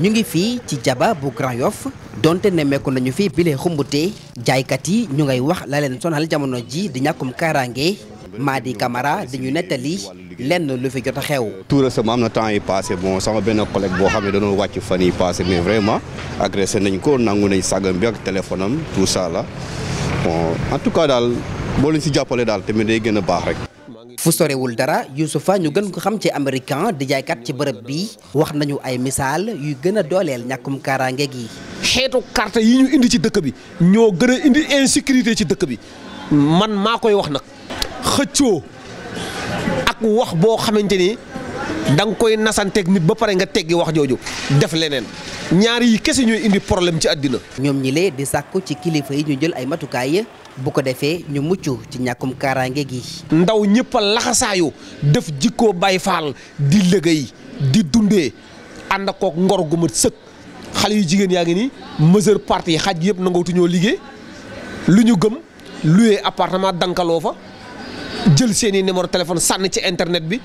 ñu ngi fii ci jaba bu Grand Yoff donte nemmeeku nañu fi bile xumbute jaaykat yi ñu ngay wax la leen sonal jamono ji di ñàkkum kaaraange di Camara di ñu nettali lenn lu fi jot a xew. tout récemment am na temps yi passé bon sama benn collègue boo xam ne dañoo wàcc fan yi passé mais vraiment agressé nañ ko nangu nañ sàggam bi ak téléphone tout ça là bon en daal. boo leen si jàppale daal tamit day gën a baax rek. fu sorewul dara Youssoupha ñu gën ko xam ci américain di jaaykat ci bërëb bi wax nañu ay misaal yuy gën a dooleel ñàkkum kaaraange gi. xeetu carte yi ñu indi ci dëkk bi ñoo gën a indi insécurité ci dëkk bi man maa koy wax nag xëccoo ak wax boo xamante ni da koy nasanteeg nit ba pare nga teggi wax jooju def leneen. ñaari yi kese ñooy indi problème ci àddina ñoom ñi lee di sàkku ci kilifa yi ñu jël ay matukaay bu ko defee ñu mucc ci ñàkkum kaaraange gi ndaw ñëpp a laxasaayu def jikkoo bay faal di légay di dundee ànd akook ngor gu mat sëkk xale yu jigéen yaa ngi ni mesure parti xaj yëpp nangootuñoo liggéey lu ñu gëm luyee appartement dankaloo fa jël seeni numéro téléphone sànn ci internet bi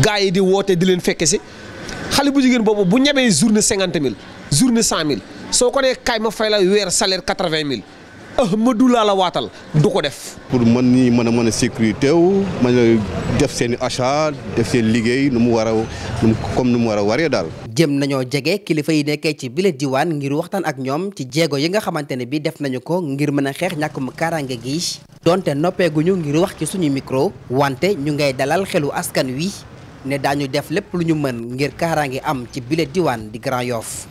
gars yi di woote di leen fekk si xale bu jigéen boobu bu ñamee journée cinquante mille journée cent mille soo ko nee kaay ma fay la weer salaire quatre vingt mille Ahmadou laa la waatal du ko def. pour mën ñi mën a mën a sécurité wu mën a def seen i def seen liggéey nu mu war a comme nu mu war a waree daal. jëm nañoo jege kilifa yi nekkee ci bile diwaan ngir waxtaan ak ñoom ci jéego yi nga xamante ne bi def nañu ko ngir mën a xeex ñàkkum kaaraange gi. donte noppeeguñu ngir wax ci suñu micro wante ñu ngay dalal xelu askan wi ne daañu def lépp lu ñu mën ngir kaaraange am ci bile diwaan di Grand